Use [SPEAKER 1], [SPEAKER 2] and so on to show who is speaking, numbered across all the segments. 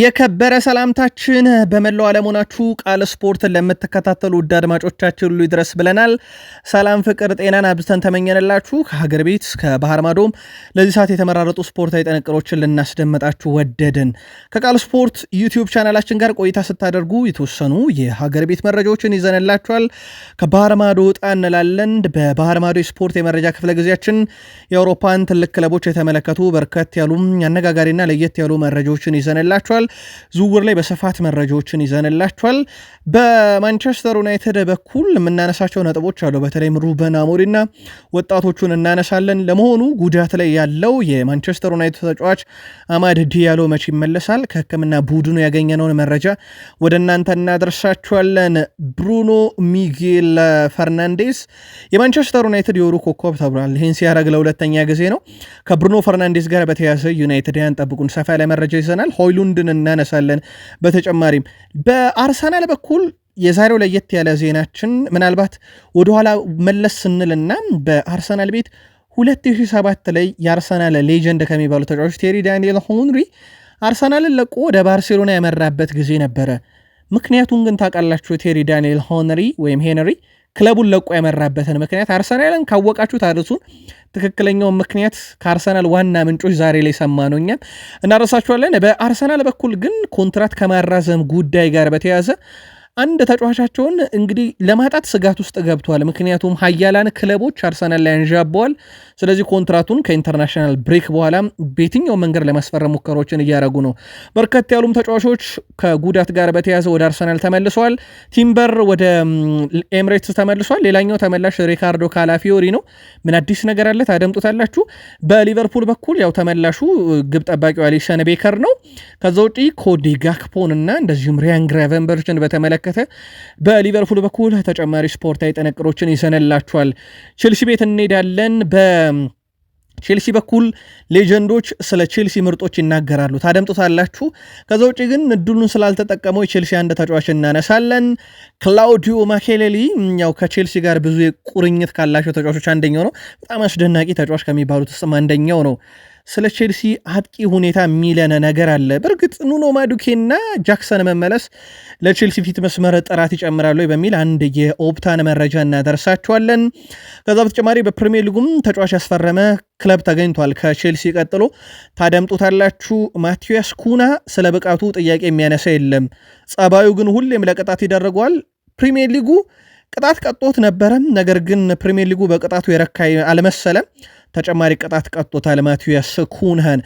[SPEAKER 1] የከበረ ሰላምታችን በመላው ዓለም ሆናችሁ ቃል ስፖርት ለምትከታተሉ ውድ አድማጮቻችን ሁሉ ይድረስ ብለናል። ሰላም፣ ፍቅር፣ ጤናን አብዝተን ተመኘንላችሁ። ከሀገር ቤት እስከ ባህር ማዶም ለዚህ ሰዓት የተመራረጡ ስፖርታዊ ጥንቅሮችን ልናስደምጣችሁ ወደድን። ከቃል ስፖርት ዩቲዩብ ቻናላችን ጋር ቆይታ ስታደርጉ የተወሰኑ የሀገር ቤት መረጃዎችን ይዘንላችኋል። ከባህር ማዶ ወጣ እንላለን። በባህር ማዶ የስፖርት የመረጃ ክፍለ ጊዜያችን የአውሮፓን ትልቅ ክለቦች የተመለከቱ በርከት ያሉ አነጋጋሪና ለየት ያሉ መረጃዎችን ይዘንላችኋል። ይችላል። ዝውውር ላይ በስፋት መረጃዎችን ይዘንላችኋል። በማንቸስተር ዩናይትድ በኩል የምናነሳቸው ነጥቦች አሉ። በተለይም ሩበን አሞሪና ወጣቶቹን እናነሳለን። ለመሆኑ ጉዳት ላይ ያለው የማንቸስተር ዩናይትድ ተጫዋች አማድ ዲያሎ መቼ ይመለሳል? ከህክምና ቡድኑ ያገኘነውን መረጃ ወደ እናንተ እናደርሳችኋለን። ብሩኖ ሚጌል ፈርናንዴስ የማንቸስተር ዩናይትድ የወሩ ኮከብ ተብሏል። ይህን ሲያደርግ ለሁለተኛ ጊዜ ነው። ከብሩኖ ፈርናንዴስ ጋር በተያያዘ ዩናይትድ ያን ጠብቁን፣ ሰፋ ላይ መረጃ ይዘናል። ሆይሉንድ ቡድን እናነሳለን። በተጨማሪም በአርሰናል በኩል የዛሬው ለየት ያለ ዜናችን ምናልባት ወደኋላ መለስ ስንልና በአርሰናል ቤት 2007 ላይ የአርሰናል ሌጀንድ ከሚባሉ ተጫዋች ቴሪ ዳንኤል ሆንሪ አርሰናልን ለቆ ወደ ባርሴሎና ያመራበት ጊዜ ነበረ። ምክንያቱም ግን ታውቃላችሁ ቴሪ ዳንኤል ሆንሪ ወይም ሄንሪ ክለቡን ለቆ ያመራበትን ምክንያት አርሰናልን ካወቃችሁ ታርሱን ትክክለኛውን ምክንያት ከአርሰናል ዋና ምንጮች ዛሬ ላይ ሰማ ነው። እኛም እናረሳችኋለን። በአርሰናል በኩል ግን ኮንትራት ከማራዘም ጉዳይ ጋር በተያያዘ አንድ ተጫዋቻቸውን እንግዲህ ለማጣት ስጋት ውስጥ ገብቷል። ምክንያቱም ሀያላን ክለቦች አርሰናል ላይ አንዣበዋል። ስለዚህ ኮንትራቱን ከኢንተርናሽናል ብሬክ በኋላ በየትኛው መንገድ ለማስፈረም ሙከራዎችን እያደረጉ ነው። በርከት ያሉም ተጫዋቾች ከጉዳት ጋር በተያያዘ ወደ አርሰናል ተመልሰዋል። ቲምበር ወደ ኤምሬትስ ተመልሷል። ሌላኛው ተመላሽ ሪካርዶ ካላፊዮሪ ነው። ምን አዲስ ነገር አለ? ታደምጡታላችሁ። በሊቨርፑል በኩል ያው ተመላሹ ግብ ጠባቂው አሊሰን ቤከር ነው። ከዛ ውጪ ኮዲ ጋክፖን እና እንደዚሁም ሪያን ግራቨንበርችን በተመለከ በተመለከተ በሊቨርፑል በኩል ተጨማሪ ስፖርታዊ ጥንቅሮችን ይዘንላችኋል። ቼልሲ ቤት እንሄዳለን። በቼልሲ በኩል ሌጀንዶች ስለ ቼልሲ ምርጦች ይናገራሉ፣ ታደምጡታላችሁ። ከዛ ውጭ ግን እድሉን ስላልተጠቀመው የቼልሲ አንድ ተጫዋች እናነሳለን። ክላውዲዮ ማኬሌሊ ያው ከቼልሲ ጋር ብዙ ቁርኝት ካላቸው ተጫዋቾች አንደኛው ነው። በጣም አስደናቂ ተጫዋች ከሚባሉት ውስጥም አንደኛው ነው። ስለ ቼልሲ አጥቂ ሁኔታ የሚለነ ነገር አለ። በእርግጥ ኑኖ ማዱኬና ጃክሰን መመለስ ለቼልሲ ፊት መስመር ጥራት ይጨምራሉ በሚል አንድ የኦፕታን መረጃ እናደርሳቸዋለን። ከዛ በተጨማሪ በፕሪሚየር ሊጉም ተጫዋች ያስፈረመ ክለብ ተገኝቷል። ከቼልሲ ቀጥሎ ታደምጡታላችሁ። ማቲያስ ኩና ስለ ብቃቱ ጥያቄ የሚያነሳ የለም። ጸባዩ ግን ሁሌም ለቅጣት ይደረገዋል። ፕሪሚየር ሊጉ ቅጣት ቀጦት ነበረም። ነገር ግን ፕሪሚየር ሊጉ በቅጣቱ የረካ አልመሰለም። ተጨማሪ ቅጣት ቀጥቶታል ማቲያስ ኩንሃን።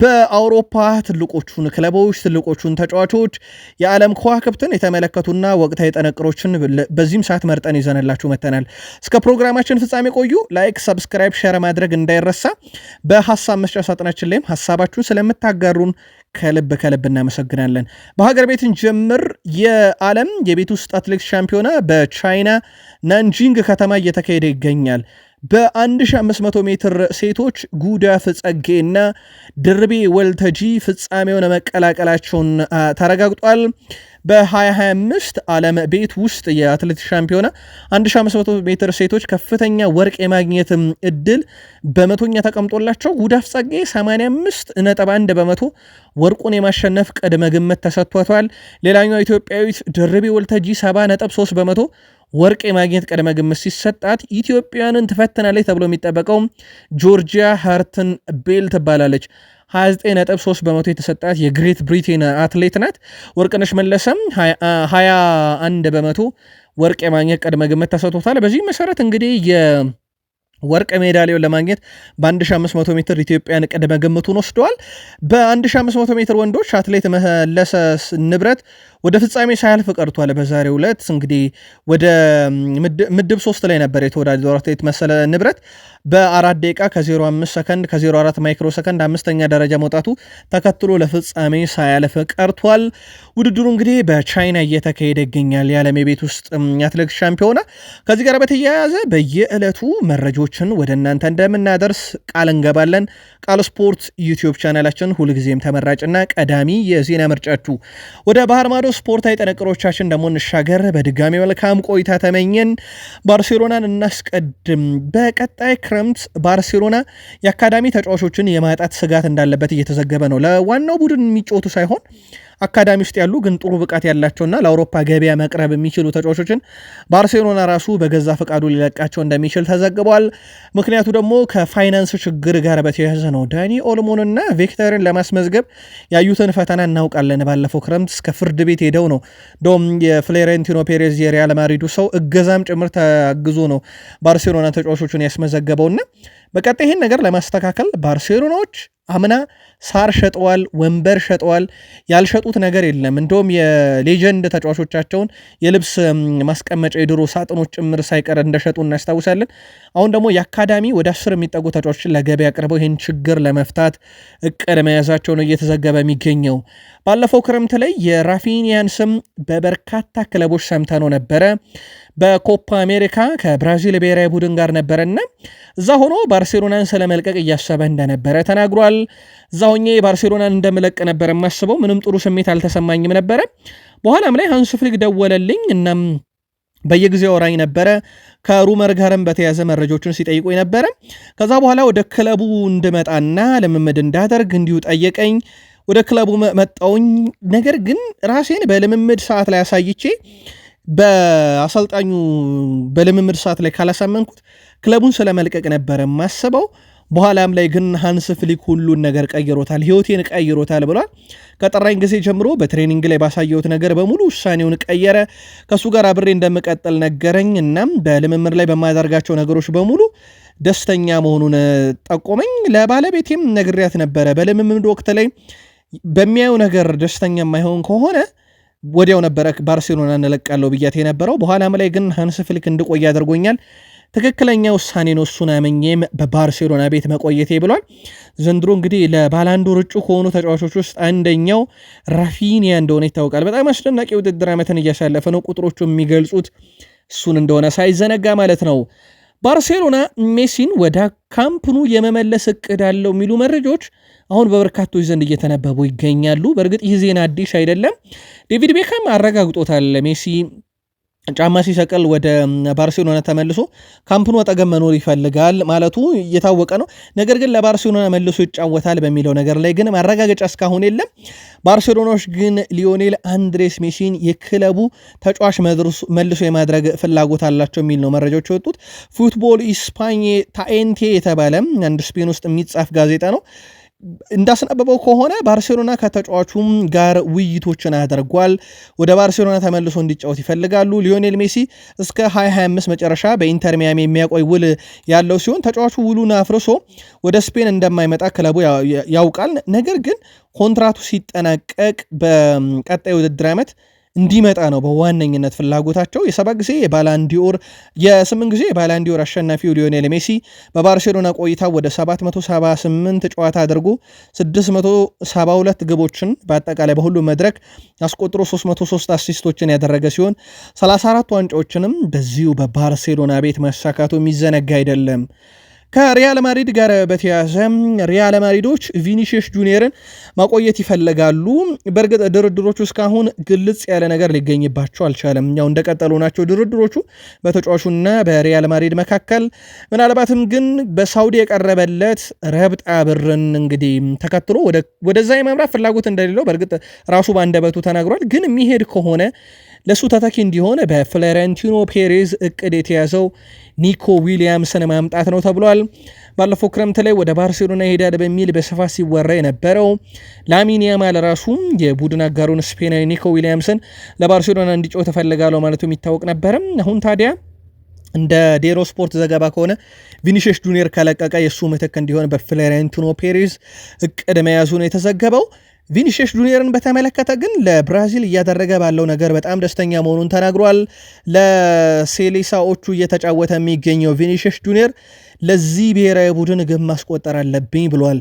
[SPEAKER 1] በአውሮፓ ትልቆቹን ክለቦች ትልቆቹን ተጫዋቾች የዓለም ከዋክብትን የተመለከቱና ወቅታዊ ጥንቅሮችን በዚህም ሰዓት መርጠን ይዘንላችሁ መተናል። እስከ ፕሮግራማችን ፍጻሜ ቆዩ። ላይክ፣ ሰብስክራይብ፣ ሸር ማድረግ እንዳይረሳ። በሀሳብ መስጫ ሳጥናችን ላይም ሀሳባችሁን ስለምታጋሩን ከልብ ከልብ እናመሰግናለን። በሀገር ቤትን ጀምር የዓለም የቤት ውስጥ አትሌቲክስ ሻምፒዮና በቻይና ናንጂንግ ከተማ እየተካሄደ ይገኛል። በ1500 ሜትር ሴቶች ጉዳፍ ጸጌና ድርቤ ወልተጂ ፍጻሜውን መቀላቀላቸውን ተረጋግጧል። በ2025 ዓለም ቤት ውስጥ የአትሌቲክስ ሻምፒዮና 1500 ሜትር ሴቶች ከፍተኛ ወርቅ የማግኘት እድል በመቶኛ ተቀምጦላቸው ጉዳፍ 85 ነጠ1 በመቶ ወርቁን የማሸነፍ ቅድመ ግምት ተሰጥቷቷል። ሌላኛው ኢትዮጵያዊት ድርቤ ወልተጂ 70.3 በመቶ ወርቅ የማግኘት ቅድመ ግምት ሲሰጣት ኢትዮጵያንን ትፈትናለች ተብሎ የሚጠበቀው ጆርጂያ ሃርትን ቤል ትባላለች። 29.3 በመቶ የተሰጣት የግሬት ብሪቴን አትሌት ናት። ወርቅነሽ መለሰም 21 በመቶ ወርቅ የማግኘት ቅድመ ግምት ተሰጥቶታል። በዚህ መሰረት እንግዲህ ወርቅ ሜዳሊያውን ለማግኘት በ1500 ሜትር ኢትዮጵያን ቅድመ ግምቱን ወስደዋል። በ1500 ሜትር ወንዶች አትሌት መለሰ ንብረት ወደ ፍጻሜ ሳያልፍ ቀርቷል። በዛሬው ዕለት እንግዲህ ወደ ምድብ ሶስት ላይ ነበር የተወዳደሩ አትሌት መሰለ ንብረት በአራት ደቂቃ ከ05 ሰከንድ ከ04 ማይክሮ ሰከንድ አምስተኛ ደረጃ መውጣቱ ተከትሎ ለፍጻሜ ሳያልፍ ቀርቷል። ውድድሩ እንግዲህ በቻይና እየተካሄደ ይገኛል። የዓለም የቤት ውስጥ አትሌቲክስ ሻምፒዮና ከዚህ ጋር በተያያዘ በየዕለቱ መረጃዎች መረጃዎችን ወደ እናንተ እንደምናደርስ ቃል እንገባለን። ቃል ስፖርት ዩቲዩብ ቻናላችን ሁልጊዜም ተመራጭና ቀዳሚ የዜና ምርጫችሁ። ወደ ባህር ማዶ ስፖርታዊ ጥንቅሮቻችን ደግሞ እንሻገር። በድጋሚ መልካም ቆይታ ተመኘን። ባርሴሎናን እናስቀድም። በቀጣይ ክረምት ባርሴሎና የአካዳሚ ተጫዋቾችን የማጣት ስጋት እንዳለበት እየተዘገበ ነው። ለዋናው ቡድን የሚጫወቱ ሳይሆን አካዳሚ ውስጥ ያሉ ግን ጥሩ ብቃት ያላቸውና ለአውሮፓ ገበያ መቅረብ የሚችሉ ተጫዋቾችን ባርሴሎና ራሱ በገዛ ፈቃዱ ሊለቃቸው እንደሚችል ተዘግቧል። ምክንያቱ ደግሞ ከፋይናንስ ችግር ጋር በተያያዘ ነው። ዳኒ ኦልሞንና ቪክተርን ለማስመዝገብ ያዩትን ፈተና እናውቃለን። ባለፈው ክረምት እስከ ፍርድ ቤት ሄደው ነው ዶም የፍሎሬንቲኖ ፔሬዝ የሪያል ማድሪዱ ሰው እገዛም ጭምር ተግዞ ነው ባርሴሎና ተጫዋቾቹን ያስመዘገበውና በቀጣይ ይህን ነገር ለማስተካከል ባርሴሎናዎች አምና ሳር ሸጠዋል፣ ወንበር ሸጠዋል፣ ያልሸጡት ነገር የለም። እንደውም የሌጀንድ ተጫዋቾቻቸውን የልብስ ማስቀመጫ የድሮ ሳጥኖች ጭምር ሳይቀር እንደሸጡ እናስታውሳለን። አሁን ደግሞ የአካዳሚ ወደ አስር የሚጠጉ ተጫዋቾችን ለገበያ አቅርበው ይህን ችግር ለመፍታት እቅድ መያዛቸው ነው እየተዘገበ የሚገኘው። ባለፈው ክረምት ላይ የራፊኒያን ስም በበርካታ ክለቦች ሰምተነው ነበረ። በኮፓ አሜሪካ ከብራዚል ብሔራዊ ቡድን ጋር ነበረና እዛ ሆኖ ባርሴሎናን ስለመልቀቅ እያሰበ እንደነበረ ተናግሯል። እዛ ሆኜ ባርሴሎናን እንደምለቅ ነበር የማስበው፣ ምንም ጥሩ ስሜት አልተሰማኝም ነበረ። በኋላም ላይ ሃንስ ፍሊክ ደወለልኝ እናም በየጊዜው ወራኝ ነበረ። ከሩመር ጋርም በተያዘ መረጃዎችን ሲጠይቁ ነበረ። ከዛ በኋላ ወደ ክለቡ እንድመጣና ልምምድ እንዳደርግ እንዲሁ ጠየቀኝ። ወደ ክለቡ መጣውኝ። ነገር ግን ራሴን በልምምድ ሰዓት ላይ አሳይቼ በአሰልጣኙ በልምምድ ሰዓት ላይ ካላሳመንኩት ክለቡን ስለመልቀቅ ነበረ ማስበው። በኋላም ላይ ግን ሃንስ ፍሊክ ሁሉን ነገር ቀይሮታል፣ ህይወቴን ቀይሮታል ብሏል። ከጠራኝ ጊዜ ጀምሮ በትሬኒንግ ላይ ባሳየሁት ነገር በሙሉ ውሳኔውን ቀየረ። ከእሱ ጋር አብሬ እንደምቀጥል ነገረኝ። እናም በልምምድ ላይ በማደርጋቸው ነገሮች በሙሉ ደስተኛ መሆኑን ጠቆመኝ። ለባለቤቴም ነግሪያት ነበረ በልምምድ ወቅት ላይ በሚያየው ነገር ደስተኛ የማይሆን ከሆነ ወዲያው ነበረ ባርሴሎና እንለቃለው ብያት የነበረው። በኋላም ላይ ግን ሀንስ ፍሊክ እንድቆይ አድርጎኛል። ትክክለኛ ውሳኔ ነው፣ እሱን አመኘም በባርሴሎና ቤት መቆየቴ ብሏል። ዘንድሮ እንግዲህ ለባላንዶር እጩ ከሆኑ ተጫዋቾች ውስጥ አንደኛው ራፊኒያ እንደሆነ ይታወቃል። በጣም አስደናቂ ውድድር ዓመትን እያሳለፈ ነው። ቁጥሮቹ የሚገልጹት እሱን እንደሆነ ሳይዘነጋ ማለት ነው። ባርሴሎና ሜሲን ወደ ካምፕኑ የመመለስ እቅድ አለው የሚሉ መረጃዎች አሁን በበርካቶች ዘንድ እየተነበቡ ይገኛሉ። በእርግጥ ይህ ዜና አዲስ አይደለም። ዴቪድ ቤካም አረጋግጦታል። ሜሲ ጫማ ሲሰቅል ወደ ባርሴሎና ተመልሶ ካምፕኑ አጠገብ መኖር ይፈልጋል ማለቱ እየታወቀ ነው። ነገር ግን ለባርሴሎና መልሶ ይጫወታል በሚለው ነገር ላይ ግን ማረጋገጫ እስካሁን የለም። ባርሴሎናዎች ግን ሊዮኔል አንድሬስ ሜሲን የክለቡ ተጫዋች መልሶ የማድረግ ፍላጎት አላቸው የሚል ነው መረጃዎች የወጡት። ፉትቦል ኢስፓኝ ታኤንቴ የተባለ አንድ ስፔን ውስጥ የሚጻፍ ጋዜጣ ነው እንዳስነበበው ከሆነ ባርሴሎና ከተጫዋቹም ጋር ውይይቶችን አድርጓል። ወደ ባርሴሎና ተመልሶ እንዲጫወት ይፈልጋሉ። ሊዮኔል ሜሲ እስከ 2025 መጨረሻ በኢንተር ሚያሚ የሚያቆይ ውል ያለው ሲሆን ተጫዋቹ ውሉን አፍርሶ ወደ ስፔን እንደማይመጣ ክለቡ ያውቃል። ነገር ግን ኮንትራቱ ሲጠናቀቅ በቀጣይ ውድድር ዓመት እንዲመጣ ነው በዋነኝነት ፍላጎታቸው። የሰባት ጊዜ የባላንዲዮር የስምንት ጊዜ የባላንዲዮር አሸናፊው ሊዮኔል ሜሲ በባርሴሎና ቆይታ ወደ 778 ጨዋታ አድርጎ 672 ግቦችን በአጠቃላይ በሁሉም መድረክ አስቆጥሮ 303 አሲስቶችን ያደረገ ሲሆን 34 ዋንጫዎችንም በዚሁ በባርሴሎና ቤት ማሳካቱ የሚዘነጋ አይደለም። ከሪያል ማድሪድ ጋር በተያያዘ ሪያል ማድሪዶች ቪኒሽስ ጁኒየርን ማቆየት ይፈልጋሉ። በእርግጥ ድርድሮቹ እስካሁን ግልጽ ያለ ነገር ሊገኝባቸው አልቻለም። ያው እንደቀጠሉ ናቸው ድርድሮቹ በተጫዋቹና በሪያል ማድሪድ መካከል። ምናልባትም ግን በሳውዲ የቀረበለት ረብጣ ብርን እንግዲህ ተከትሎ ወደዛ የመምራት ፍላጎት እንደሌለው በእርግጥ ራሱ ባንደበቱ ተናግሯል። ግን የሚሄድ ከሆነ ለእሱ ተተኪ እንዲሆን በፍሎረንቲኖ ፔሬዝ እቅድ የተያዘው ኒኮ ዊሊያምስን ማምጣት ነው ተብሏል። ተመልክተናል። ባለፈው ክረምት ላይ ወደ ባርሴሎና ይሄዳል በሚል በስፋት ሲወራ የነበረው ላሚን ያማል ራሱ የቡድን አጋሩን ስፔናዊ ኒኮ ዊሊያምስን ለባርሴሎና እንዲጫወት እፈልጋለሁ ማለቱ የሚታወቅ ነበርም። አሁን ታዲያ እንደ ዴሮ ስፖርት ዘገባ ከሆነ ቪኒሽስ ጁኒየር ከለቀቀ የእሱ ምትክ እንዲሆን በፍሎሬንቲኖ ፔሬዝ እቅድ መያዙ ነው የተዘገበው። ቪኒሽስ ጁኒየርን በተመለከተ ግን ለብራዚል እያደረገ ባለው ነገር በጣም ደስተኛ መሆኑን ተናግሯል። ለሴሌሳዎቹ እየተጫወተ የሚገኘው ቪኒሽስ ጁኒየር ለዚህ ብሔራዊ ቡድን ግብ ማስቆጠር አለብኝ ብሏል።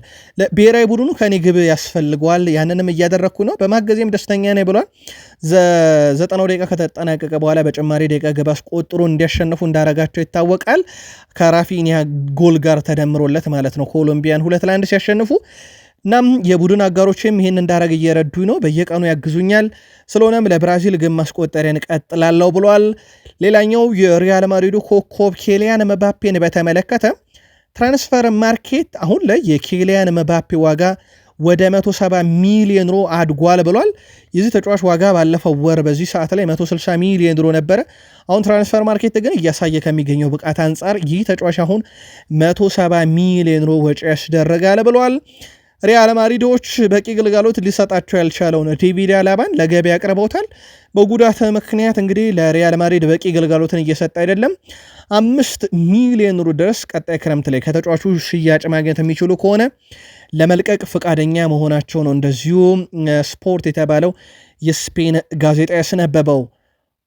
[SPEAKER 1] ብሔራዊ ቡድኑ ከኔ ግብ ያስፈልገዋል፣ ያንንም እያደረግኩ ነው፣ በማገዜም ደስተኛ ነኝ ብሏል። ዘጠናው ደቂቃ ከተጠናቀቀ በኋላ በጭማሪ ደቂቃ ግብ አስቆጥሮ እንዲያሸንፉ እንዳረጋቸው ይታወቃል። ከራፊኒያ ጎል ጋር ተደምሮለት ማለት ነው ኮሎምቢያን ሁለት ለአንድ ሲያሸንፉ እናም የቡድን አጋሮችም ይህን እንዳረግ እየረዱኝ ነው፣ በየቀኑ ያግዙኛል። ስለሆነም ለብራዚል ግብ ማስቆጠሬን ቀጥላለሁ ብሏል። ሌላኛው የሪያል ማድሪዱ ኮከብ ኬሊያን መባፔን በተመለከተ ትራንስፈር ማርኬት አሁን ላይ የኬሊያን መባፔ ዋጋ ወደ 170 ሚሊዮን ሮ አድጓል ብሏል። የዚህ ተጫዋች ዋጋ ባለፈው ወር በዚህ ሰዓት ላይ 160 ሚሊዮን ሮ ነበረ። አሁን ትራንስፈር ማርኬት ግን እያሳየ ከሚገኘው ብቃት አንጻር ይህ ተጫዋች አሁን 170 ሚሊዮን ሮ ወጪ ያስደረጋል ብሏል። ሪያል ማድሪዶች በቂ ግልጋሎት ሊሰጣቸው ያልቻለውን ዲቪዲ አላባን ለገበያ አቅርበውታል። በጉዳት ምክንያት እንግዲህ ለሪያል ማድሪድ በቂ ግልጋሎትን እየሰጠ አይደለም። አምስት ሚሊዮን ዩሮ ድረስ ቀጣይ ክረምት ላይ ከተጫዋቹ ሽያጭ ማግኘት የሚችሉ ከሆነ ለመልቀቅ ፈቃደኛ መሆናቸው ነው እንደዚሁ ስፖርት የተባለው የስፔን ጋዜጣ ያስነበበው።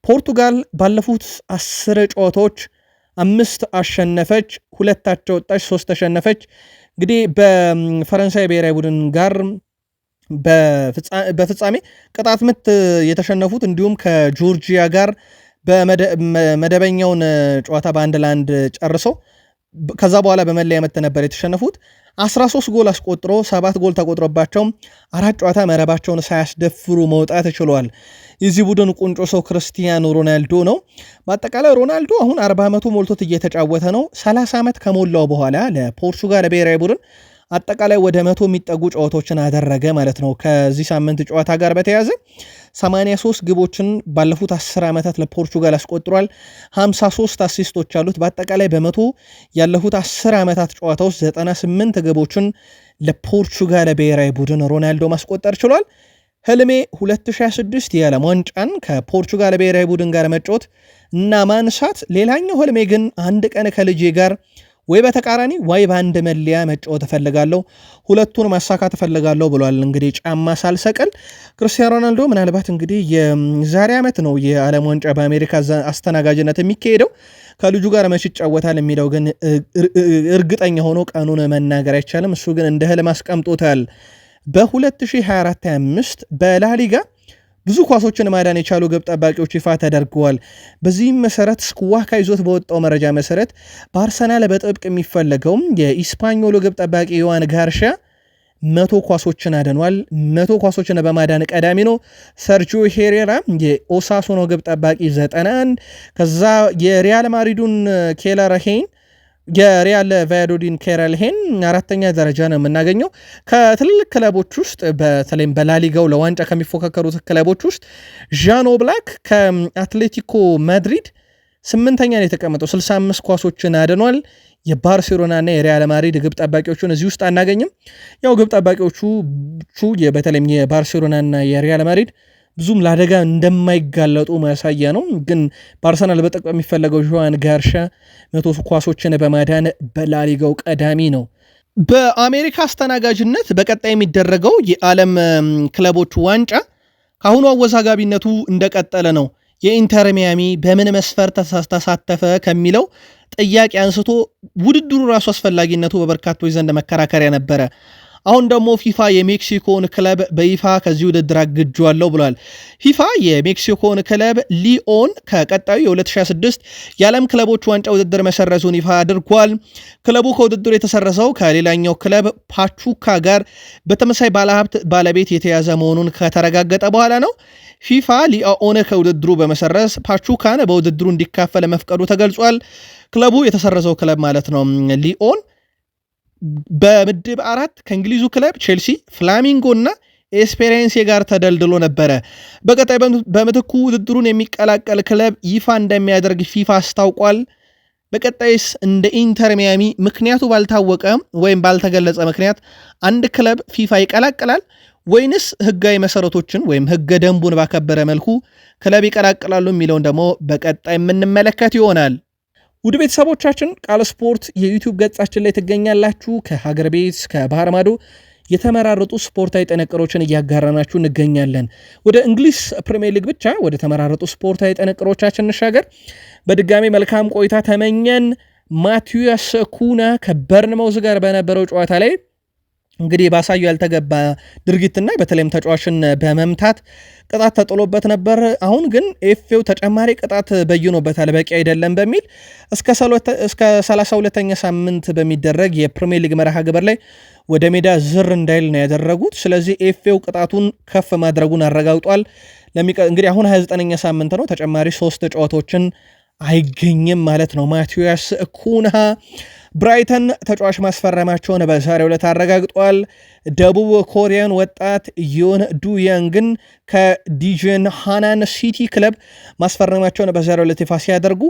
[SPEAKER 1] ፖርቱጋል ባለፉት አስር ጨዋታዎች አምስት አሸነፈች፣ ሁለት አቻ ወጣች፣ ሶስት ተሸነፈች፣ እንግዲህ በፈረንሳይ ብሔራዊ ቡድን ጋር በፍጻሜ ቅጣት ምት የተሸነፉት እንዲሁም ከጆርጂያ ጋር በመደበኛውን ጨዋታ በአንድ ለአንድ ጨርሰው ከዛ በኋላ በመለያ ምት ነበር የተሸነፉት። 13 ጎል አስቆጥሮ ሰባት ጎል ተቆጥሮባቸው አራት ጨዋታ መረባቸውን ሳያስደፍሩ መውጣት ችሏል። የዚህ ቡድን ቁንጮ ሰው ክርስቲያኖ ሮናልዶ ነው። በአጠቃላይ ሮናልዶ አሁን 40 ዓመቱ ሞልቶት እየተጫወተ ነው። 30 ዓመት ከሞላው በኋላ ለፖርቹጋል ብሔራዊ ቡድን አጠቃላይ ወደ መቶ የሚጠጉ ጨዋታዎችን አደረገ ማለት ነው። ከዚህ ሳምንት ጨዋታ ጋር በተያዘ 83 ግቦችን ባለፉት 10 ዓመታት ለፖርቹጋል አስቆጥሯል። 53 አሲስቶች አሉት። በአጠቃላይ በመቶ ያለፉት 10 ዓመታት ጨዋታ ውስጥ 98 ግቦችን ለፖርቹጋል ብሔራዊ ቡድን ሮናልዶ ማስቆጠር ችሏል። ህልሜ 2026 የዓለም ዋንጫን ከፖርቹጋል ብሔራዊ ቡድን ጋር መጫወት እና ማንሳት፣ ሌላኛው ህልሜ ግን አንድ ቀን ከልጄ ጋር ወይ በተቃራኒ ወይ በአንድ መለያ መጫወት እፈልጋለሁ፣ ሁለቱን ማሳካት እፈልጋለሁ ብሏል። እንግዲህ ጫማ ሳልሰቅል ክርስቲያኖ ሮናልዶ ምናልባት እንግዲህ የዛሬ ዓመት ነው የዓለም ዋንጫ በአሜሪካ አስተናጋጅነት የሚካሄደው። ከልጁ ጋር መች ይጫወታል የሚለው ግን እርግጠኛ ሆኖ ቀኑን መናገር አይቻልም። እሱ ግን እንደ ህልም አስቀምጦታል። በ2024/25 በላሊጋ ብዙ ኳሶችን ማዳን የቻሉ ግብ ጠባቂዎች ይፋ ተደርገዋል። በዚህም መሰረት ስኩዋካ ይዞት በወጣው መረጃ መሰረት በአርሰናል በጥብቅ የሚፈለገውም የኢስፓኞሎ ግብ ጠባቂ ዮዋን ጋርሻ መቶ ኳሶችን አድኗል። መቶ ኳሶችን በማዳን ቀዳሚ ነው። ሰርጂዮ ሄሬራ የኦሳሱኖ ግብ ጠባቂ 91፣ ከዛ የሪያል ማድሪዱን ኬለር ሄይን የሪያል ቫያዶሊድን ኬራልሄን አራተኛ ደረጃ ነው የምናገኘው። ከትልልቅ ክለቦች ውስጥ በተለይም በላሊጋው ለዋንጫ ከሚፎካከሩት ክለቦች ውስጥ ዣኖ ብላክ ከአትሌቲኮ ማድሪድ ስምንተኛ ነው የተቀመጠው፣ 65 ኳሶችን አድኗል። የባርሴሎናና የሪያል ማድሪድ ግብ ጠባቂዎቹን እዚህ ውስጥ አናገኝም። ያው ግብ ጠባቂዎቹ በተለይም የባርሴሎናና የሪያል ማድሪድ ብዙም ለአደጋ እንደማይጋለጡ ማሳያ ነው። ግን በአርሰናል በጠቅ የሚፈለገው ዦዋን ጋርሻ መቶ ኳሶችን በማዳን በላሊጋው ቀዳሚ ነው። በአሜሪካ አስተናጋጅነት በቀጣይ የሚደረገው የዓለም ክለቦች ዋንጫ ከአሁኑ አወዛጋቢነቱ እንደቀጠለ ነው። የኢንተር ሚያሚ በምን መስፈር ተሳተፈ ከሚለው ጥያቄ አንስቶ ውድድሩ ራሱ አስፈላጊነቱ በበርካቶች ዘንድ መከራከሪያ ነበረ። አሁን ደግሞ ፊፋ የሜክሲኮን ክለብ በይፋ ከዚህ ውድድር አግጇለሁ ብሏል። ፊፋ የሜክሲኮን ክለብ ሊኦን ከቀጣዩ የ2026 የዓለም ክለቦች ዋንጫ ውድድር መሰረዙን ይፋ አድርጓል። ክለቡ ከውድድሩ የተሰረዘው ከሌላኛው ክለብ ፓቹካ ጋር በተመሳይ ባለሀብት ባለቤት የተያዘ መሆኑን ከተረጋገጠ በኋላ ነው። ፊፋ ሊኦን ከውድድሩ በመሰረዝ ፓቹካን በውድድሩ እንዲካፈል መፍቀዱ ተገልጿል። ክለቡ የተሰረዘው ክለብ ማለት ነው ሊኦን በምድብ አራት ከእንግሊዙ ክለብ ቼልሲ፣ ፍላሚንጎ እና ኤስፔሬንሴ ጋር ተደልድሎ ነበረ። በቀጣይ በምትኩ ውድድሩን የሚቀላቀል ክለብ ይፋ እንደሚያደርግ ፊፋ አስታውቋል። በቀጣይስ እንደ ኢንተር ሚያሚ ምክንያቱ ባልታወቀ ወይም ባልተገለጸ ምክንያት አንድ ክለብ ፊፋ ይቀላቅላል ወይንስ ህጋዊ መሰረቶችን ወይም ህገ ደንቡን ባከበረ መልኩ ክለብ ይቀላቅላሉ የሚለውን ደግሞ በቀጣይ የምንመለከት ይሆናል። ውድ ቤተሰቦቻችን ቃል ስፖርት የዩቲዩብ ገጻችን ላይ ትገኛላችሁ። ከሀገር ቤት ከባህር ማዶ የተመራረጡ ስፖርታዊ ጥንቅሮችን እያጋራናችሁ እንገኛለን። ወደ እንግሊዝ ፕሪሚየር ሊግ ብቻ ወደ ተመራረጡ ስፖርታዊ ጥንቅሮቻችን እንሻገር። በድጋሚ መልካም ቆይታ ተመኘን። ማቲያስ ኩና ከበርንመውዝ ጋር በነበረው ጨዋታ ላይ እንግዲህ ባሳዩ ያልተገባ ድርጊትና በተለይም ተጫዋችን በመምታት ቅጣት ተጥሎበት ነበር። አሁን ግን ኤፌው ተጨማሪ ቅጣት በይኖበታል በቂ አይደለም በሚል እስከ 32ኛ ሳምንት በሚደረግ የፕሪሚየር ሊግ መርሃ ግብር ላይ ወደ ሜዳ ዝር እንዳይል ነው ያደረጉት። ስለዚህ ኤፌው ቅጣቱን ከፍ ማድረጉን አረጋግጧል። እንግዲህ አሁን 29ኛ ሳምንት ነው። ተጨማሪ ሶስት ጨዋታዎችን አይገኝም ማለት ነው። ማቴዎስ ኩንሃ ብራይተን ተጫዋች ማስፈረማቸውን በዛሬው ዕለት አረጋግጧል። ደቡብ ኮሪያን ወጣት ዮን ዱያንግን ከዲጅን ሃናን ሲቲ ክለብ ማስፈረማቸውን በዛሬው ዕለት ይፋ ሲያደርጉ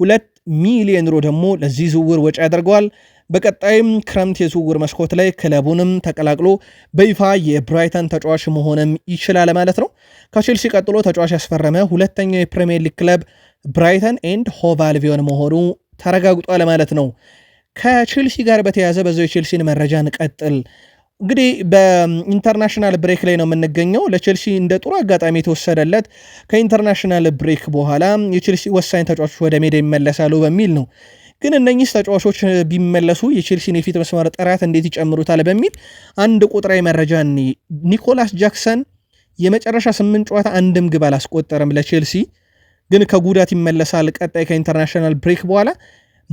[SPEAKER 1] ሁለት ሚሊዮን ዩሮ ደግሞ ለዚህ ዝውውር ወጪ አድርገዋል። በቀጣይም ክረምት የዝውውር መስኮት ላይ ክለቡንም ተቀላቅሎ በይፋ የብራይተን ተጫዋች መሆንም ይችላል ማለት ነው። ከቼልሲ ቀጥሎ ተጫዋች ያስፈረመ ሁለተኛው የፕሪምየር ሊግ ክለብ ብራይተን ኤንድ ሆቭ አልቢዮን መሆኑ ተረጋግጧል ማለት ነው። ከቼልሲ ጋር በተያዘ በዛው የቼልሲን መረጃ እንቀጥል። እንግዲህ በኢንተርናሽናል ብሬክ ላይ ነው የምንገኘው። ለቼልሲ እንደ ጥሩ አጋጣሚ የተወሰደለት ከኢንተርናሽናል ብሬክ በኋላ የቼልሲ ወሳኝ ተጫዋቾች ወደ ሜዳ ይመለሳሉ በሚል ነው። ግን እነኚህ ተጫዋቾች ቢመለሱ የቼልሲን የፊት መስመር ጥራት እንዴት ይጨምሩታል በሚል አንድ ቁጥራዊ መረጃ ኒኮላስ ጃክሰን የመጨረሻ ስምንት ጨዋታ አንድም ግብ አላስቆጠረም ለቼልሲ ግን ከጉዳት ይመለሳል ቀጣይ ከኢንተርናሽናል ብሬክ በኋላ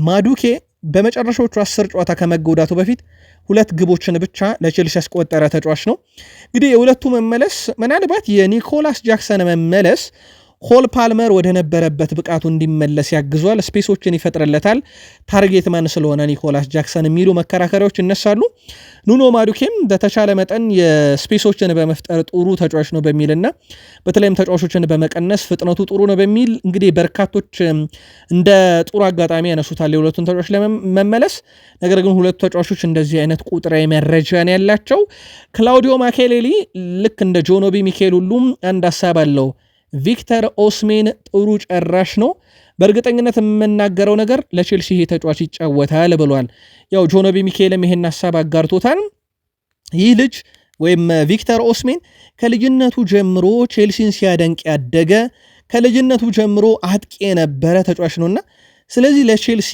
[SPEAKER 1] ማዱኬ በመጨረሻዎቹ አስር ጨዋታ ከመጎዳቱ በፊት ሁለት ግቦችን ብቻ ለቼልሲ ያስቆጠረ ተጫዋች ነው። እንግዲህ የሁለቱ መመለስ ምናልባት የኒኮላስ ጃክሰን መመለስ ሆል ፓልመር ወደ ነበረበት ብቃቱ እንዲመለስ ያግዟል፣ ስፔሶችን ይፈጥርለታል፣ ታርጌት ማን ስለሆነ ኒኮላስ ጃክሰን የሚሉ መከራከሪያዎች ይነሳሉ። ኑኖ ማዱኬም በተቻለ መጠን የስፔሶችን በመፍጠር ጥሩ ተጫዋች ነው በሚልና በተለይም ተጫዋቾችን በመቀነስ ፍጥነቱ ጥሩ ነው በሚል እንግዲህ በርካቶች እንደ ጥሩ አጋጣሚ ያነሱታል የሁለቱን ተጫዋች ለመመለስ። ነገር ግን ሁለቱ ተጫዋቾች እንደዚህ አይነት ቁጥራዊ መረጃ ያላቸው ክላውዲዮ ማኬሌሊ ልክ እንደ ጆኖቢ ሚካኤል ሁሉም አንድ ሀሳብ አለው ቪክተር ኦስሜን ጥሩ ጨራሽ ነው። በእርግጠኝነት የምናገረው ነገር ለቼልሲ ይሄ ተጫዋች ይጫወታል ብሏል። ያው ጆኖቢ ሚካኤልም ይሄን ሀሳብ አጋርቶታል። ይህ ልጅ ወይም ቪክተር ኦስሜን ከልጅነቱ ጀምሮ ቼልሲን ሲያደንቅ ያደገ ከልጅነቱ ጀምሮ አጥቂ የነበረ ተጫዋች ነውና ስለዚህ ለቼልሲ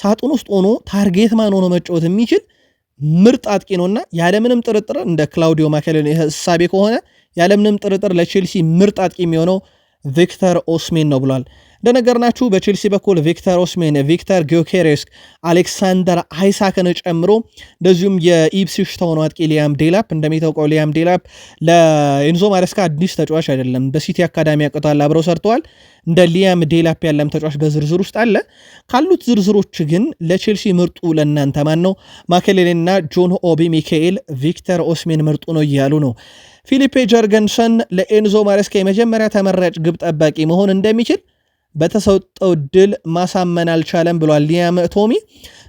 [SPEAKER 1] ሳጥን ውስጥ ሆኖ ታርጌት ማን ሆኖ መጫወት የሚችል ምርጥ አጥቂ ነውና ያለምንም ጥርጥር እንደ ክላውዲዮ ማካሌሎኒ እሳቤ ከሆነ ያለምንም ጥርጥር ለቼልሲ ምርጥ አጥቂ የሚሆነው ቪክተር ኦስሜን ነው ብሏል። እንደነገርናችሁ በቼልሲ በኩል ቪክተር ኦስሜን፣ ቪክተር ጊዮኬሬስ፣ አሌክሳንደር አይሳክን ጨምሮ እንደዚሁም የኢፕስዊች ተሆኑ አጥቂ ሊያም ዴላፕ እንደሚታወቀው ሊያም ዴላፕ ለኤንዞ ማሬስካ አዲስ ተጫዋች አይደለም። በሲቲ አካዳሚ ያቅቷል አብረው ሰርተዋል። እንደ ሊያም ዴላፕ ያለም ተጫዋች በዝርዝር ውስጥ አለ። ካሉት ዝርዝሮች ግን ለቼልሲ ምርጡ ለእናንተ ማን ነው? ማከሌሌና ጆን ኦቢ ሚካኤል ቪክተር ኦስሜን ምርጡ ነው እያሉ ነው። ፊሊፔ ጀርገንሰን ለኤንዞ ማሬስካ የመጀመሪያ ተመራጭ ግብ ጠባቂ መሆን እንደሚችል በተሰጠው ድል ማሳመን አልቻለም ብሏል ሊያም ቶሚ።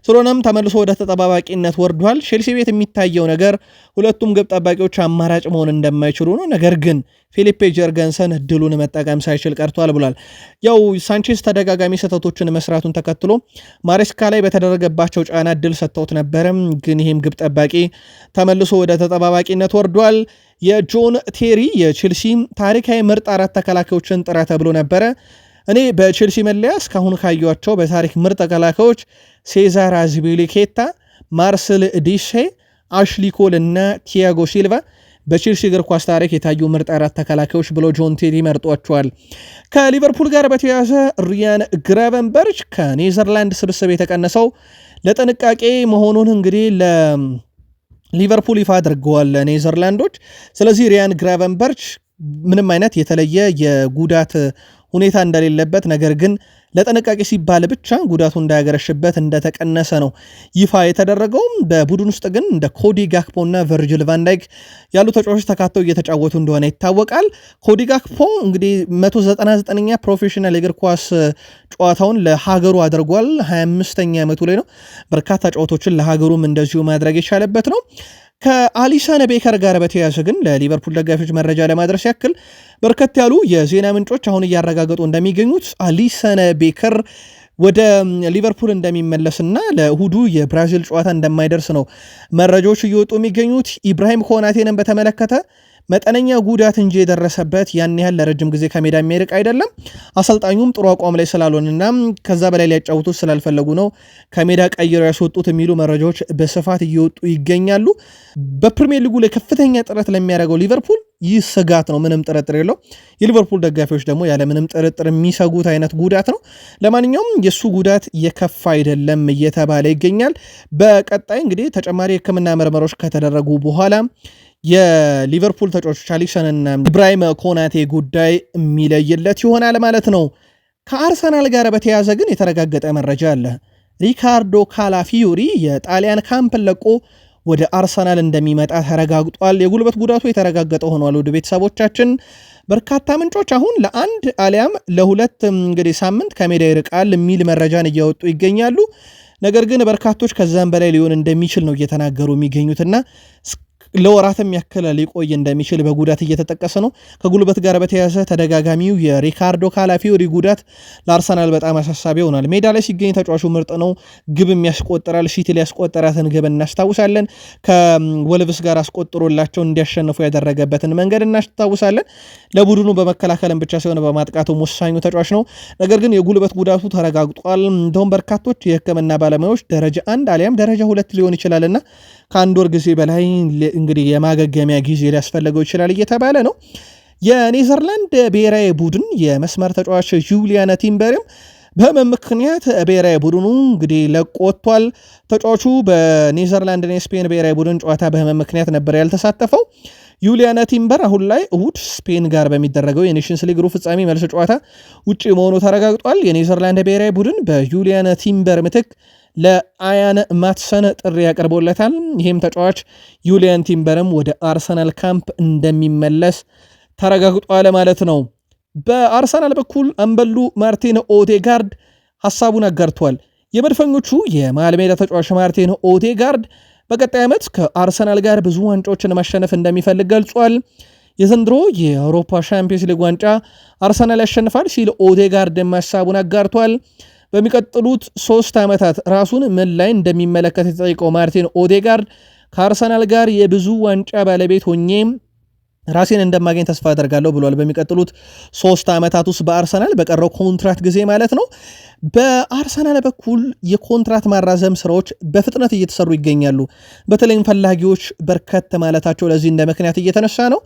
[SPEAKER 1] ስለሆነም ተመልሶ ወደ ተጠባባቂነት ወርዷል። ቼልሲ ቤት የሚታየው ነገር ሁለቱም ግብ ጠባቂዎች አማራጭ መሆን እንደማይችሉ ነው። ነገር ግን ፊሊፔ ጀርገንሰን እድሉን መጠቀም ሳይችል ቀርቷል ብሏል። ያው ሳንቼዝ ተደጋጋሚ ስህተቶችን መስራቱን ተከትሎ ማሬስካ ላይ በተደረገባቸው ጫና እድል ሰጥተውት ነበርም፣ ግን ይህም ግብ ጠባቂ ተመልሶ ወደ ተጠባባቂነት ወርዷል። የጆን ቴሪ የቼልሲ ታሪካዊ ምርጥ አራት ተከላካዮችን ጥራ ተብሎ ነበረ እኔ በቼልሲ መለያ እስካሁን ካዩቸው በታሪክ ምርጥ ተከላካዮች ሴዛር አዝፒሊኬታ፣ ማርሰል ዲሼ፣ አሽሊኮል እና ቲያጎ ሲልቫ በቼልሲ እግር ኳስ ታሪክ የታዩ ምርጥ አራት ተከላካዮች ብሎ ጆን ቴዲ መርጧቸዋል። ከሊቨርፑል ጋር በተያያዘ ሪያን ግራቨንበርች ከኔዘርላንድ ስብስብ የተቀነሰው ለጥንቃቄ መሆኑን እንግዲህ ለሊቨርፑል ይፋ አድርገዋል ኔዘርላንዶች። ስለዚህ ሪያን ግራቨንበርች ምንም አይነት የተለየ የጉዳት ሁኔታ እንደሌለበት ነገር ግን ለጥንቃቄ ሲባል ብቻ ጉዳቱ እንዳያገረሽበት እንደተቀነሰ ነው ይፋ የተደረገውም። በቡድን ውስጥ ግን እንደ ኮዲ ጋክፖና ቨርጅል ቫንዳይክ ያሉ ተጫዋቾች ተካተው እየተጫወቱ እንደሆነ ይታወቃል። ኮዲ ጋክፖ እንግዲህ 199ኛ ፕሮፌሽናል የእግር ኳስ ጨዋታውን ለሀገሩ አድርጓል። 25ኛ ዓመቱ ላይ ነው። በርካታ ጨዋታዎችን ለሀገሩም እንደዚሁ ማድረግ የቻለበት ነው። ከአሊሰን ቤከር ጋር በተያያዘ ግን ለሊቨርፑል ደጋፊዎች መረጃ ለማድረስ ያክል በርከት ያሉ የዜና ምንጮች አሁን እያረጋገጡ እንደሚገኙት አሊሰን ቤከር ወደ ሊቨርፑል እንደሚመለስና ለእሁዱ የብራዚል ጨዋታ እንደማይደርስ ነው መረጃዎች እየወጡ የሚገኙት። ኢብራሂም ኮናቴንም በተመለከተ መጠነኛ ጉዳት እንጂ የደረሰበት ያን ያህል ለረጅም ጊዜ ከሜዳ የሚርቅ አይደለም። አሰልጣኙም ጥሩ አቋም ላይ ስላልሆንና ከዛ በላይ ሊያጫውቱት ስላልፈለጉ ነው ከሜዳ ቀይረው ያስወጡት የሚሉ መረጃዎች በስፋት እየወጡ ይገኛሉ። በፕሪሚየር ሊጉ ላይ ከፍተኛ ጥረት ለሚያደርገው ሊቨርፑል ይህ ስጋት ነው፣ ምንም ጥርጥር የለው። የሊቨርፑል ደጋፊዎች ደግሞ ያለምንም ጥርጥር የሚሰጉት አይነት ጉዳት ነው። ለማንኛውም የእሱ ጉዳት የከፋ አይደለም እየተባለ ይገኛል። በቀጣይ እንግዲህ ተጨማሪ የሕክምና ምርመሮች ከተደረጉ በኋላ የሊቨርፑል ተጫዋቾች አሊሰንና ኢብራሂም ኮናቴ ጉዳይ የሚለይለት ይሆናል ማለት ነው። ከአርሰናል ጋር በተያያዘ ግን የተረጋገጠ መረጃ አለ። ሪካርዶ ካላፊዮሪ የጣሊያን ካምፕን ለቆ ወደ አርሰናል እንደሚመጣ ተረጋግጧል። የጉልበት ጉዳቱ የተረጋገጠ ሆኗል። ወደ ቤተሰቦቻችን በርካታ ምንጮች አሁን ለአንድ አሊያም ለሁለት እንግዲህ ሳምንት ከሜዳ ይርቃል የሚል መረጃን እያወጡ ይገኛሉ። ነገር ግን በርካቶች ከዛም በላይ ሊሆን እንደሚችል ነው እየተናገሩ የሚገኙትና ለወራትም ያክል ሊቆይ እንደሚችል በጉዳት እየተጠቀሰ ነው። ከጉልበት ጋር በተያያዘ ተደጋጋሚው የሪካርዶ ካላፊዮሪ ጉዳት ለአርሰናል በጣም አሳሳቢ ይሆናል። ሜዳ ላይ ሲገኝ ተጫዋቹ ምርጥ ነው፣ ግብም ያስቆጥራል። ሲቲ ሊያስቆጠራትን ግብ እናስታውሳለን። ከወልቭስ ጋር አስቆጥሮላቸው እንዲያሸንፉ ያደረገበትን መንገድ እናስታውሳለን። ለቡድኑ በመከላከልም ብቻ ሳይሆን በማጥቃቱ ወሳኙ ተጫዋች ነው። ነገር ግን የጉልበት ጉዳቱ ተረጋግጧል። እንደውም በርካቶች የሕክምና ባለሙያዎች ደረጃ አንድ አሊያም ደረጃ ሁለት ሊሆን ይችላልና ከአንድ ወር ጊዜ በላይ እንግዲህ የማገገሚያ ጊዜ ሊያስፈልገው ይችላል እየተባለ ነው። የኔዘርላንድ ብሔራዊ ቡድን የመስመር ተጫዋች ጁሊያነ ቲምበርም በህመም ምክንያት ብሔራዊ ቡድኑ እንግዲህ ለቆ ወጥቷል። ተጫዋቹ በኔዘርላንድና የስፔን ብሔራዊ ቡድን ጨዋታ በህመም ምክንያት ነበር ያልተሳተፈው። ዩሊያና ቲምበር አሁን ላይ እሁድ ስፔን ጋር በሚደረገው የኔሽንስ ሊግ ሩብ ፍጻሜ መልስ ጨዋታ ውጪ መሆኑ ተረጋግጧል። የኔዘርላንድ ብሔራዊ ቡድን በዩሊያና ቲምበር ምትክ ለአያነ ማትሰን ጥሪ ያቀርቦለታል። ይህም ተጫዋች ዩሊያን ቲምበርም ወደ አርሰናል ካምፕ እንደሚመለስ ተረጋግጧል ማለት ነው። በአርሰናል በኩል አምበሉ ማርቲን ኦዴጋርድ ሀሳቡን አጋርቷል። የመድፈኞቹ የመሃል ሜዳ ተጫዋች ማርቲን ኦዴጋርድ በቀጣይ ዓመት ከአርሰናል ጋር ብዙ ዋንጫዎችን ማሸነፍ እንደሚፈልግ ገልጿል። የዘንድሮ የአውሮፓ ሻምፒዮንስ ሊግ ዋንጫ አርሰናል ያሸንፋል ሲል ኦዴጋርድ ሀሳቡን አጋርቷል። በሚቀጥሉት ሶስት ዓመታት ራሱን ምን ላይ እንደሚመለከት የተጠይቀው ማርቲን ኦዴጋርድ ከአርሰናል ጋር የብዙ ዋንጫ ባለቤት ሆኜ ራሴን እንደማገኝ ተስፋ አደርጋለሁ ብሏል። በሚቀጥሉት ሶስት ዓመታት ውስጥ በአርሰናል በቀረው ኮንትራት ጊዜ ማለት ነው። በአርሰናል በኩል የኮንትራት ማራዘም ስራዎች በፍጥነት እየተሰሩ ይገኛሉ። በተለይም ፈላጊዎች በርከት ማለታቸው ለዚህ እንደ ምክንያት እየተነሳ ነው።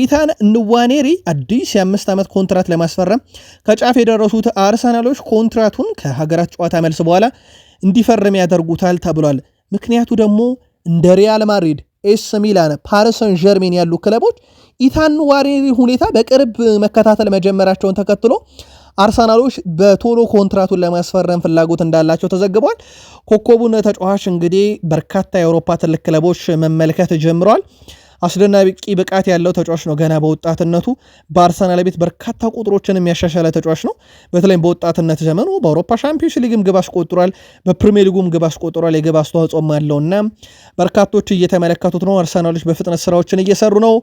[SPEAKER 1] ኢታን ንዋኔሪ አዲስ የአምስት ዓመት ኮንትራት ለማስፈረም ከጫፍ የደረሱት አርሰናሎች ኮንትራቱን ከሀገራት ጨዋታ መልስ በኋላ እንዲፈርም ያደርጉታል ተብሏል። ምክንያቱ ደግሞ እንደ ሪያል ማድሪድ ኤስ ሚላን፣ ፓሪሰን ጀርሜን ያሉ ክለቦች ኢታን ዋሬሪ ሁኔታ በቅርብ መከታተል መጀመራቸውን ተከትሎ አርሰናሎች በቶሎ ኮንትራቱን ለማስፈረም ፍላጎት እንዳላቸው ተዘግቧል። ኮከቡን ተጫዋች እንግዲህ በርካታ የአውሮፓ ትልቅ ክለቦች መመልከት ጀምሯል። አስደናቂ ብቃት ያለው ተጫዋች ነው። ገና በወጣትነቱ በአርሰናል ቤት በርካታ ቁጥሮችን የሚያሻሻለ ተጫዋች ነው። በተለይም በወጣትነት ዘመኑ በአውሮፓ ሻምፒዮንስ ሊግም ግብ አስቆጥሯል፣ በፕሪሚየር ሊጉም ግብ አስቆጥሯል። የግብ አስተዋጽኦም አለውና በርካቶች እየተመለከቱት ነው። አርሰናሎች በፍጥነት ስራዎችን እየሰሩ ነው።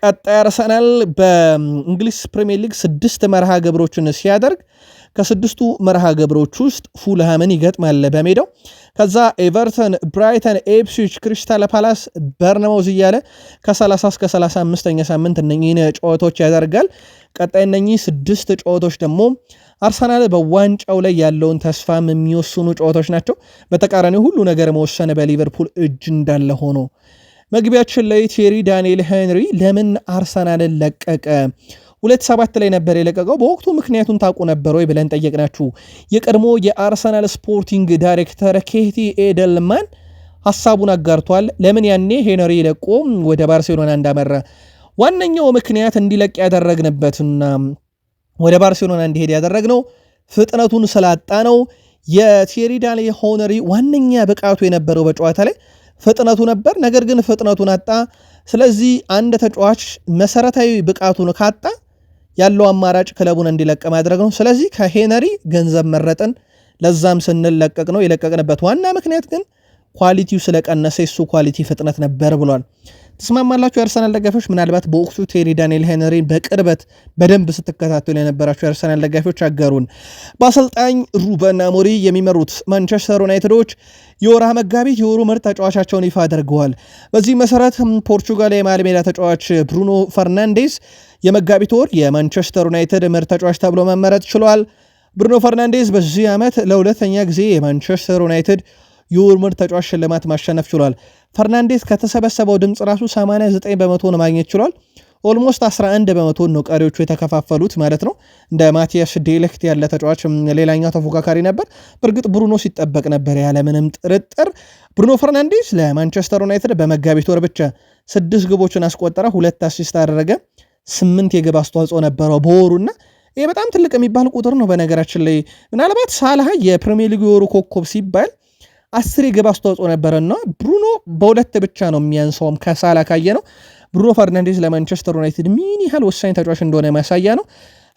[SPEAKER 1] ቀጣይ አርሰናል በእንግሊዝ ፕሪሚየር ሊግ ስድስት መርሃ ግብሮችን ሲያደርግ ከስድስቱ መርሃ ግብሮች ውስጥ ፉልሃምን ይገጥማል በሜዳው ከዛ ኤቨርተን፣ ብራይተን፣ ኤፕስዊች፣ ክሪስታል ፓላስ፣ በርነማውዝ እያለ ከ30 እስከ 35ኛ ሳምንት እነኚህን ጨዋታዎች ያደርጋል። ቀጣይ እነኚህ ስድስት ጨዋታዎች ደግሞ አርሰናል በዋንጫው ላይ ያለውን ተስፋም የሚወስኑ ጨዋታዎች ናቸው። በተቃራኒ ሁሉ ነገር መወሰን በሊቨርፑል እጅ እንዳለ ሆኖ መግቢያችን ላይ ቴሪ ዳንኤል ሄንሪ ለምን አርሰናልን ለቀቀ? ሁለት ሰባት ላይ ነበር የለቀቀው። በወቅቱ ምክንያቱን ታውቁ ነበር ወይ ብለን ጠየቅናችሁ። የቀድሞ የአርሰናል ስፖርቲንግ ዳይሬክተር ኬቲ ኤደልማን ሀሳቡን አጋርቷል። ለምን ያኔ ሄነሪ ለቆ ወደ ባርሴሎና እንዳመራ ዋነኛው ምክንያት እንዲለቅ ያደረግንበትና ወደ ባርሴሎና እንዲሄድ ያደረግነው ፍጥነቱን ስላጣ ነው። የቴሪ ሆነሪ ዋነኛ ብቃቱ የነበረው በጨዋታ ላይ ፍጥነቱ ነበር። ነገር ግን ፍጥነቱን አጣ። ስለዚህ አንድ ተጫዋች መሰረታዊ ብቃቱን ካጣ ያለው አማራጭ ክለቡን እንዲለቅ ማድረግ ነው። ስለዚህ ከሄነሪ ገንዘብ መረጥን። ለዛም ስንል ለቀቅ ነው። የለቀቅንበት ዋና ምክንያት ግን ኳሊቲው ስለቀነሰ የሱ ኳሊቲ ፍጥነት ነበር ብሏል። ትስማማላችሁ? የአርሰናል ደጋፊዎች ምናልባት በወቅቱ ቴሪ ዳንኤል ሄነሪን በቅርበት በደንብ ስትከታተሉ የነበራችሁ የአርሰናል ደጋፊዎች አገሩን በአሰልጣኝ ሩበን አሞሪ የሚመሩት ማንቸስተር ዩናይትዶች የወርሃ መጋቢት የወሩ ምርጥ ተጫዋቻቸውን ይፋ አድርገዋል። በዚህ መሰረት ፖርቹጋል የመሃል ሜዳ ተጫዋች ብሩኖ ፈርናንዴዝ የመጋቢት ወር የማንቸስተር ዩናይትድ ምርጥ ተጫዋች ተብሎ መመረጥ ችሏል። ብሩኖ ፈርናንዴዝ በዚህ ዓመት ለሁለተኛ ጊዜ የማንቸስተር ዩናይትድ የውርምድ ተጫዋች ሽልማት ማሸነፍ ችሏል። ፈርናንዴስ ከተሰበሰበው ድምፅ ራሱ 89 በመቶን ማግኘት ችሏል። ኦልሞስት 11 በመቶ ነው ቀሪዎቹ የተከፋፈሉት ማለት ነው። እንደ ማቲያስ ዴሊክት ያለ ተጫዋች ሌላኛው ተፎካካሪ ነበር። በእርግጥ ብሩኖ ሲጠበቅ ነበር ያለምንም ጥርጥር። ብሩኖ ፈርናንዴስ ለማንቸስተር ዩናይትድ በመጋቢት ወር ብቻ ስድስት ግቦችን አስቆጠረ፣ ሁለት አሲስት አደረገ፣ ስምንት የግብ አስተዋጽኦ ነበረው በወሩና ይህ በጣም ትልቅ የሚባል ቁጥር ነው። በነገራችን ላይ ምናልባት ሳላህ የፕሪሚየር ሊግ የወሩ ኮከብ ሲባል አስር የግብ አስተዋጽኦ ነበረና ብሩኖ በሁለት ብቻ ነው የሚያንሰውም ከሳላ ካየ ነው። ብሩኖ ፈርናንዴዝ ለማንቸስተር ዩናይትድ ምን ያህል ወሳኝ ተጫዋች እንደሆነ ማሳያ ነው።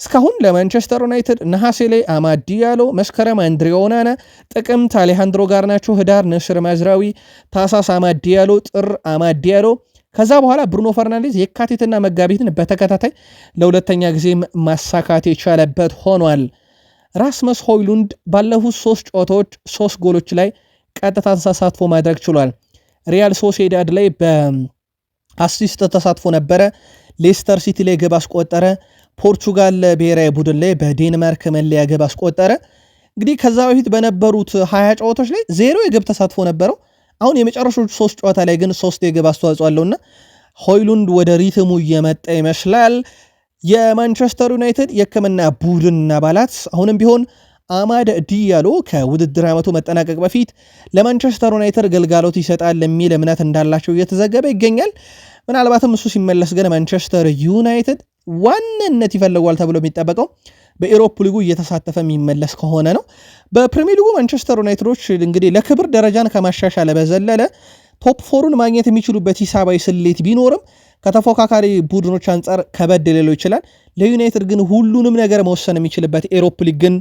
[SPEAKER 1] እስካሁን ለማንቸስተር ዩናይትድ ነሐሴ ላይ አማዲ ያሎ፣ መስከረም አንድሬ ኦናና፣ ጥቅምት አሌሃንድሮ ጋርናቾ፣ ህዳር ንስር ማዝራዊ፣ ታሳስ አማዲ ያሎ፣ ጥር አማዲ ያሎ። ከዛ በኋላ ብሩኖ ፈርናንዴዝ የካቲትና መጋቢትን በተከታታይ ለሁለተኛ ጊዜ ማሳካት የቻለበት ሆኗል። ራስመስ ሆይሉንድ ባለፉት ሶስት ጨዋታዎች ሶስት ጎሎች ላይ ቀጥታ ተሳትፎ ማድረግ ችሏል። ሪያል ሶሴዳድ ላይ በአሲስት ተሳትፎ ነበረ። ሌስተር ሲቲ ላይ ግብ አስቆጠረ። ፖርቹጋል ብሔራዊ ቡድን ላይ በዴንማርክ መለያ ግብ አስቆጠረ። እንግዲህ ከዛ በፊት በነበሩት ሀያ ጨዋታዎች ላይ ዜሮ የግብ ተሳትፎ ነበረው። አሁን የመጨረሻዎቹ ሶስት ጨዋታ ላይ ግን ሶስት የግብ አስተዋጽኦ አለውና ሆይሉንድ ወደ ሪትሙ እየመጣ ይመስላል። የማንቸስተር ዩናይትድ የሕክምና ቡድን አባላት አሁንም ቢሆን አማድ ዲያሎ ከውድድር ዓመቱ መጠናቀቅ በፊት ለማንቸስተር ዩናይትድ ግልጋሎት ይሰጣል የሚል እምነት እንዳላቸው እየተዘገበ ይገኛል። ምናልባትም እሱ ሲመለስ ግን ማንቸስተር ዩናይትድ ዋንነት ይፈልጓል ተብሎ የሚጠበቀው በኤሮፕ ሊጉ እየተሳተፈ የሚመለስ ከሆነ ነው። በፕሪሚየር ሊጉ ማንቸስተር ዩናይትዶች እንግዲህ ለክብር ደረጃን ከማሻሻ በዘለለ ቶፕ ፎሩን ማግኘት የሚችሉበት ሂሳባዊ ስሌት ቢኖርም ከተፎካካሪ ቡድኖች አንጻር ከበድ ሌለው ይችላል። ለዩናይትድ ግን ሁሉንም ነገር መወሰን የሚችልበት ኤሮፕ ሊግ ግን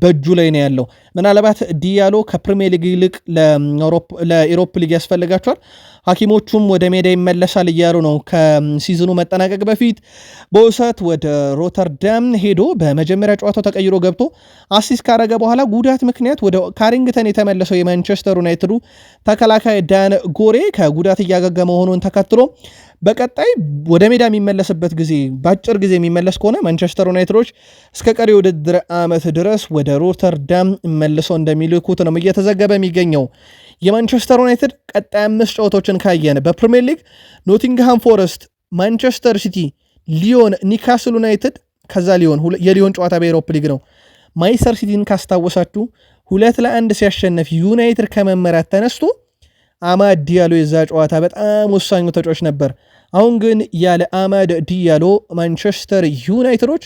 [SPEAKER 1] በእጁ ላይ ነው ያለው። ምናልባት ዲያሎ ከፕሪሚየር ሊግ ይልቅ ለኢሮፕ ሊግ ያስፈልጋቸዋል። ሐኪሞቹም ወደ ሜዳ ይመለሳል እያሉ ነው። ከሲዝኑ መጠናቀቅ በፊት በውሰት ወደ ሮተርዳም ሄዶ በመጀመሪያ ጨዋታው ተቀይሮ ገብቶ አሲስ ካረገ በኋላ ጉዳት ምክንያት ወደ ካሪንግተን የተመለሰው የማንቸስተር ዩናይትዱ ተከላካይ ዳን ጎሬ ከጉዳት እያገገ መሆኑን ተከትሎ በቀጣይ ወደ ሜዳ የሚመለስበት ጊዜ በአጭር ጊዜ የሚመለስ ከሆነ ማንቸስተር ዩናይትዶች እስከ ቀሪ ውድድር ዓመት ድረስ ወደ ሮተርዳም መልሰው እንደሚልኩት ነው እየተዘገበ የሚገኘው። የማንቸስተር ዩናይትድ ቀጣይ አምስት ጨዋታዎችን ካየን በፕሪምየር ሊግ ኖቲንግሃም ፎረስት፣ ማንቸስተር ሲቲ፣ ሊዮን፣ ኒካስል ዩናይትድ ከዛ ሊዮን የሊዮን ጨዋታ በኤሮፕ ሊግ ነው። ማይሰር ሲቲን ካስታወሳችሁ ሁለት ለአንድ ሲያሸነፍ ዩናይትድ ከመመራት ተነስቶ አማድ ዲያሎ የዛ ጨዋታ በጣም ወሳኙ ተጫዋች ነበር። አሁን ግን ያለ አማድ ዲያሎ ማንቸስተር ዩናይትዶች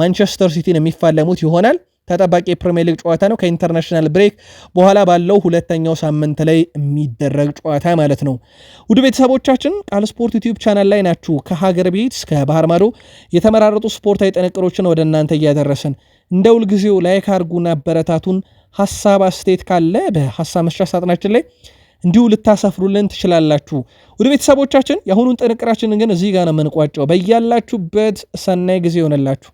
[SPEAKER 1] ማንቸስተር ሲቲን የሚፋለሙት ይሆናል። ተጠባቂ የፕሪሚየር ሊግ ጨዋታ ነው። ከኢንተርናሽናል ብሬክ በኋላ ባለው ሁለተኛው ሳምንት ላይ የሚደረግ ጨዋታ ማለት ነው። ውድ ቤተሰቦቻችን ቃል ስፖርት ዩቲዩብ ቻናል ላይ ናችሁ። ከሀገር ቤት እስከ ባህር ማዶ የተመራረጡ ስፖርታዊ ጥንቅሮችን ወደ እናንተ እያደረስን እንደ ሁልጊዜው ላይክ አርጉና አበረታቱን። ሀሳብ አስተያየት ካለ በሀሳብ መስጫ ሳጥናችን ላይ እንዲሁ ልታሰፍሩልን ትችላላችሁ። ወደ ቤተሰቦቻችን የአሁኑን ጥንቅራችንን ግን እዚህ ጋር ነው የምንቋጨው። በያላችሁበት ሰናይ ጊዜ ይሆነላችሁ።